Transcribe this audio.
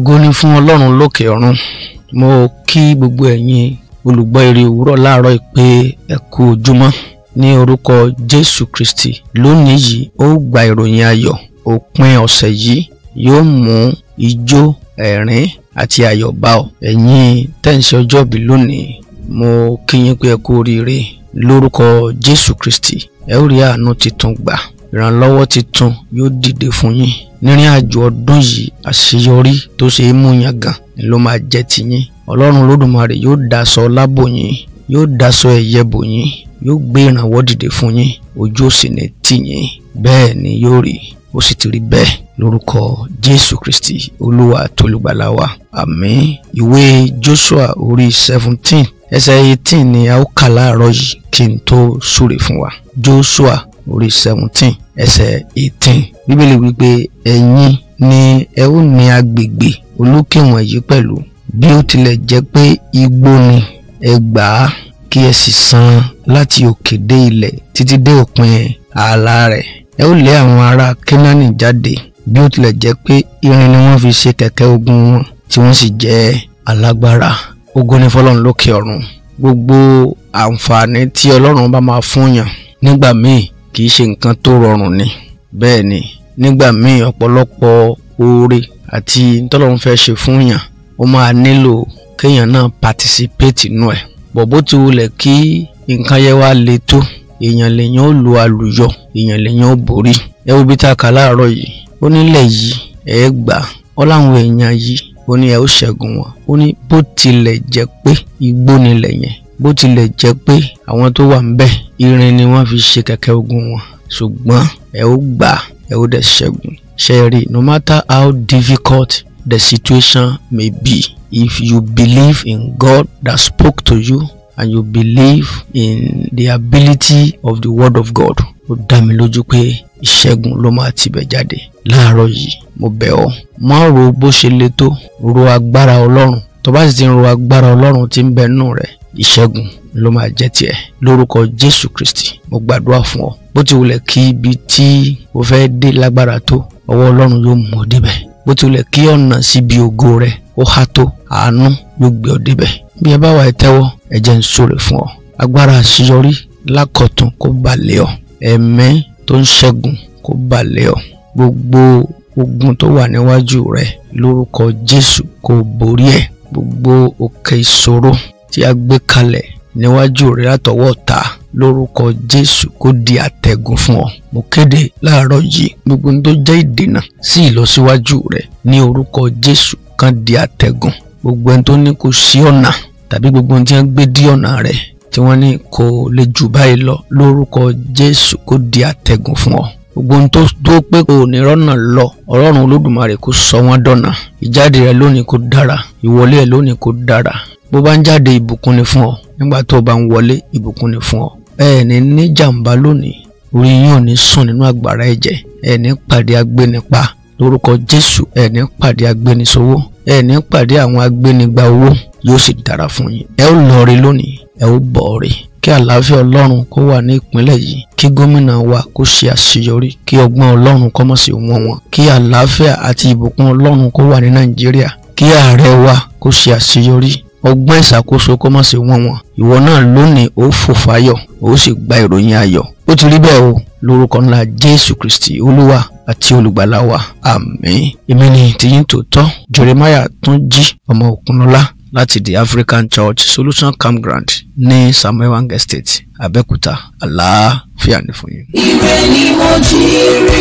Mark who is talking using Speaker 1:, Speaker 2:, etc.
Speaker 1: ògo ni fún ọlọ́run lókè ọ̀run mo kí gbogbo ẹ̀yin olùgbọ́ eré òwúrọ̀ láàárọ̀ ìpè ẹ kú ojúmọ́ ní orúkọ jésù kristi lónìí yìí ó gba ìròyìn ayọ̀ òpin ọ̀sẹ̀ yìí yóò mú ijó ẹ̀rín àti ayọ̀ bá ọ ẹ̀yin tẹ̀sí ọjọ́bí lónìí mo kí yín pé ẹ kú oríire lórúkọ jésù kristi ẹ ó rí àánú titun gbà ìrànlọ́wọ́ titun yóò dìde fún yín nírìn àjò ọdún yìí àṣeyọrí tó ṣe é mú yàn gan ló máa jẹ́ tiyín ọlọ́run lódùmarè yóò daṣọ lábò yín yóò daṣọ ẹ̀yẹ bò yín yóò gbé ìrànwọ́ dìde fún yín ojú òsì ní tiyín bẹ́ẹ̀ ni yóò rí ó sì ti rí bẹ́ẹ̀ lórúkọ jésù kristi olúwa tolùgbàlà wa àmín ìwé joshua orí seventeen ẹsẹ̀ eighteen ni a ó kà láàárọ̀ yìí kí n tó súre fún wa joshua orí seventeen ẹsẹ̀ eighteen bíbélì wípé ẹ̀yin ni ẹ ó ní agbègbè olókè wọ̀nyí pẹ̀lú bí ó tilẹ̀ jẹ́ pé igbó ni ẹ gbà á kí ẹ sì san láti òkè dé ilẹ̀ títí dé òpin ààlà rẹ̀ ẹ ó lé àwọn ará Kénáánì jáde bí ó tilẹ̀ jẹ́ pé irin ni wọ́n fi ṣe kẹ̀kẹ́ ogun wọn tí wọ́n sì jẹ́ alágbára ogun ni fọlọ́run lókè ọ̀run gbogbo àǹfààní tí ọlọ́run bá máa fún yàn nígbà míì kì í ṣe nǹkan tó rọrùn ni bẹ́ẹ̀ ni nígbà míì ọ̀pọ̀lọpọ̀ oore àti tọ́lọ́run fẹ́ ṣe fún yàn ó máa nílò kéèyàn náà participate nù ẹ̀ bọ̀ bó ti wulẹ̀ kí nǹkan yẹn wá le tó èèyàn lèèyàn ó lo àlùyọ èèyàn lèèyàn ó borí ẹ wo ibi tá a kà láàárọ̀ yìí ó nílẹ̀ yìí ẹ gbà ó láwọn èèyàn yìí ó ní ẹ ó ṣẹ́gun wọn ó ní bó tilẹ̀ jẹ́ pé igbó nílẹ̀ yẹn bó tilẹ̀ jẹ́ pé àwọn tó wà ńbẹ̀ irin ni wọ́n fi ṣe kẹ̀kẹ́ ogun wọn ṣùgbọ́n ẹ ó gbà ẹ ó dẹ̀ ṣẹ́gun ṣẹ́ẹ̀rì no matter how difficult the situation may be if you believe in God that spoke to you and you believe in the ability of the word of God ó dá mi lójú pé ìṣẹ́gun ló máa tibẹ̀ jáde láàárọ̀ yìí mo bẹ̀ ọ́ má ro bó ṣe le tó ro agbára ọlọ́run tó bá sì ti ro agbára ọlọ́run tí ń bẹ nù rẹ̀ ìṣẹ́gun ló máa jẹ́ tiẹ̀ lórúkọ Jésù Kristi mo gbàdúrà fún ọ bó ti wulẹ̀ kí ibi tí o fẹ́ dé lágbára tó ọwọ́ Ọlọ́run yóò mú ọ débẹ̀ bó ti wulẹ̀ kí ọ̀nà síbi ògo rẹ ó há tó àánú yóò gbé ọ débẹ̀ bí ẹ bá wà ẹ tẹ́wọ́ ẹ jẹ́ n fún ọ agbára àṣeyọrí lákọ̀tún kó balẹ̀ ọ ẹ̀mẹ́ tó ń ṣẹ́gun kó balẹ̀ ọ gbogbo ogun tó wà níwájú rẹ lórúkọ Jésù kó borí ẹ gbogbo òkè ìṣòro tí a gbé kalẹ̀ níwájú rẹ látọwọ́ ọ̀tá lórúkọ jésù kó di àtẹ̀gùn fún ọ mo kéde láàárọ̀ yìí gbogbo ní tó jẹ́ ìdènà sí ìlọsíwájú rẹ ní orúkọ jésù kan di àtẹ̀gùn gbogbo ẹni tó ní kò sí ọ̀nà tàbí gbogbo ohun tí wọ́n gbé dí ọ̀nà rẹ tí wọ́n ní kò lè jù báyìí lọ lórúkọ jésù kó di àtẹ̀gùn fún ọ gbogbo ohun tó tó pé kò ní rọ́nà lọ ọlọ́run olódùmarè kó sọ wọ́n dọ̀nà ìjáde rẹ lónìí kó dára ìwọlé rẹ lónìí kó dára bó bá ń jáde ìbùkún ni fún ọ nígbà tó o bá ń wọlé ìbùkún ni fún ọ ẹ̀ẹ́ni ní jàǹbá lónìí orí yín ò ní sùn nínú àgbàrá ẹ̀jẹ̀ ẹ̀ẹ́ni pàdé agbénipa lórúkọ Jésù ẹ̀ẹ́ni pàdé agbénisowó ẹ̀ẹ́ni pàdé àwọn agbénigba owó yóò sì dára fún yín ẹ ó lọ rí lónìí ẹ ó bọ̀ rí kí àlàáfíà ọlọ́run kó wà ní ìpínlẹ̀ yìí kí gómìnà wa kó ṣe àṣeyọrí kí ọgbọ́n ọlọ́run kó má ṣe wọ́n wọn kí àlàáfíà àti ìbùkún ọlọ́run kó wà ní Nàìjíríà kí ààrẹ wa kó ṣe àṣeyọrí ọgbọ́n ìṣàkóso kó má ṣe wọ́n wọn ìwọ náà lónìí ó fò fáyọ̀ ó sì gba ìròyìn ayọ̀ ó ti rí bẹ́ẹ̀ o lórúkọ ńlá jésù kristi olúwa àti olùgbàlà wa àmín èmi ni tiyín tòótọ́ jeremiah tún jí ọmọ òkunlọ́lá láti the african church solution campground ní samuel wang estate abẹ́òkúta àlàáfíà ní fún yín. ire ni mo jí rí.